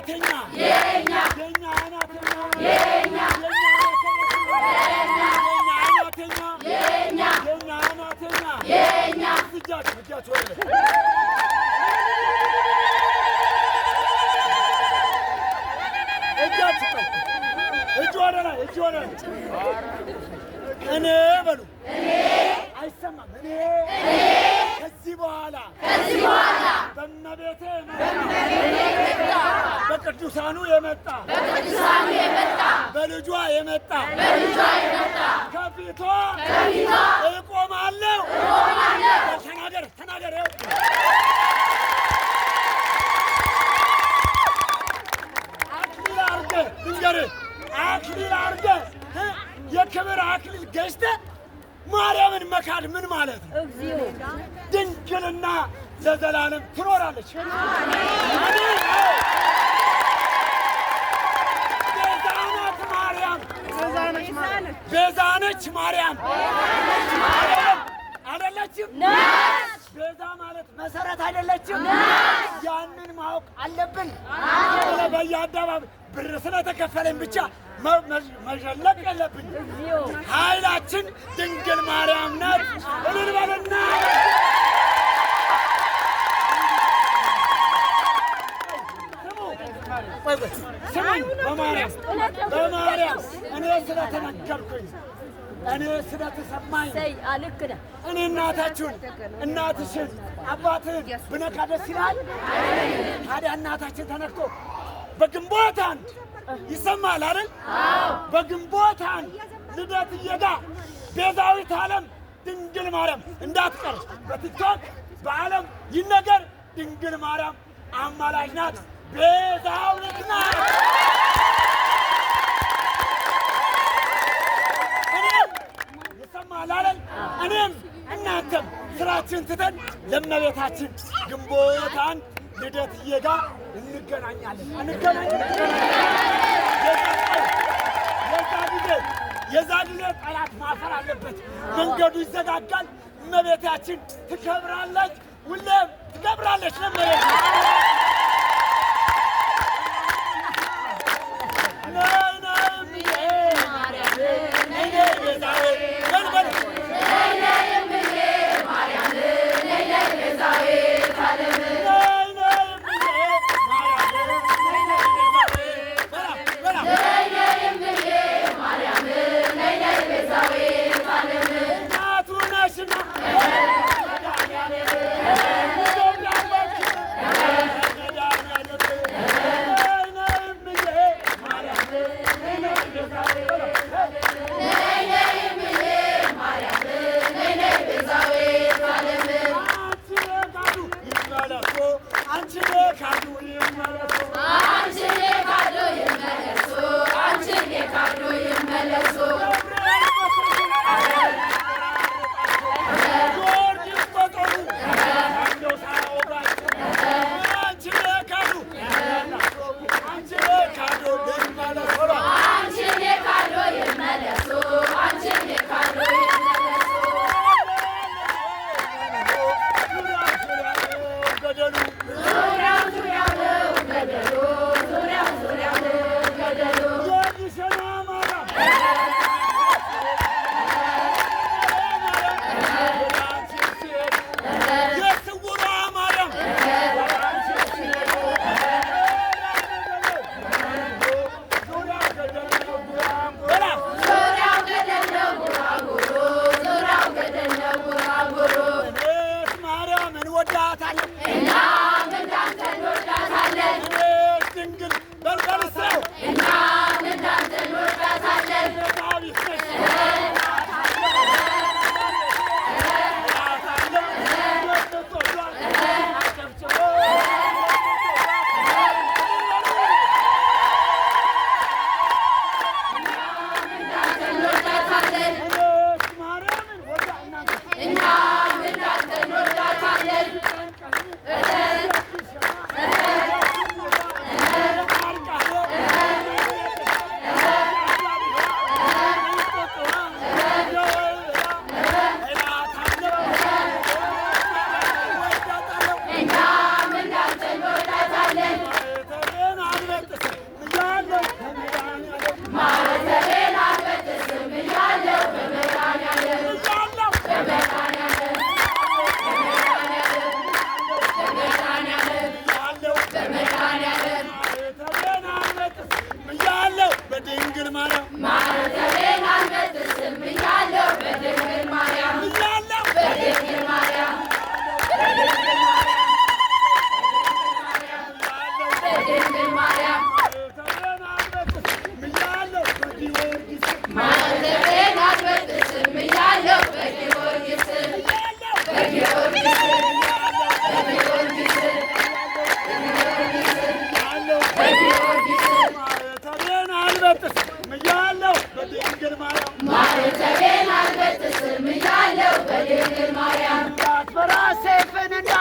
አናተኛ የኛ የኛ አናተኛ የኛ የኛ አናተኛ የኛ እጃችሁ እጃችሁ እኔ በሉ አይሰማም ከዚህ በኋላ በመቤቴ በቅዱሳኑ የመጣ በቅዱሳኑ የመጣ በልጇ የመጣ በልጇ የመጣ ከፊቷ ከፊቷ እቆማለሁ እቆማለሁ። ተናገር ተናገር ይው አክሊል አርገ ድንገር አክሊል አርገ የክብር አክሊል ገዝተ ማርያምን መካድ ምን ማለት ነው? ድንግልና ለዘላለም ትኖራለች። ቤዛነች ማርያም አይደለችም። ቤዛ ማለት መሰረት አይደለችም። ያንን ማወቅ አለብን። በየአደባባይ ብር ስለተከፈለን ብቻ መዠለቅ የለብን። ኃይላችን ድንግል ማርያም ናት። እልል በልና ስሙ በማርያም በማርያም እኔ ስለተነገርኩኝ እኔ ስለተሰማኝ እኔ እናታችሁን እናትሽን አባትህን ብነካ ደስ ይላል። ታዲያ እናታችን ተነኮ በግንቦት አንድ ይሰማል አይደል? በግንቦት አንድ ልደት እየዳ ቤዛዊት ዓለም ድንግል ማርያም እንዳትቀር በቲክቶክ በዓለም ይነገር ድንግል ማርያም አማላጅ ናት፣ ቤዛዊት ናት። እኔም እናንተም ስራችን ትተን ለመቤታችን ግንቦት አንድ ልደትዬ ጋር እንገናኛለን እንገናኛለን። የዛ ጊዜ ጠላት ማፈር አለበት፣ መንገዱ ይዘጋጋል። እመቤታችን ትከብራለች፣ ሁሌም ትከብራለች ለመቤት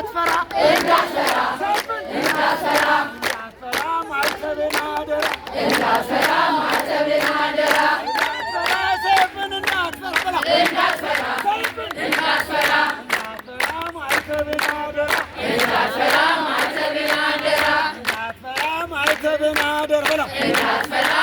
عطفرة ارجع سلام ارجع سلام سلام على سبيل نادرة ارجع سلام على سبيل نادرة ارجع سيف من النار فرقلة ارجع سلام ارجع سلام سلام على سبيل نادرة ارجع سلام على سلام على ارجع سلام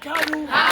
Kadu. Ah!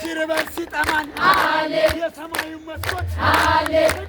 ሲርበን ሲጠማን የሰማዩ መስኮት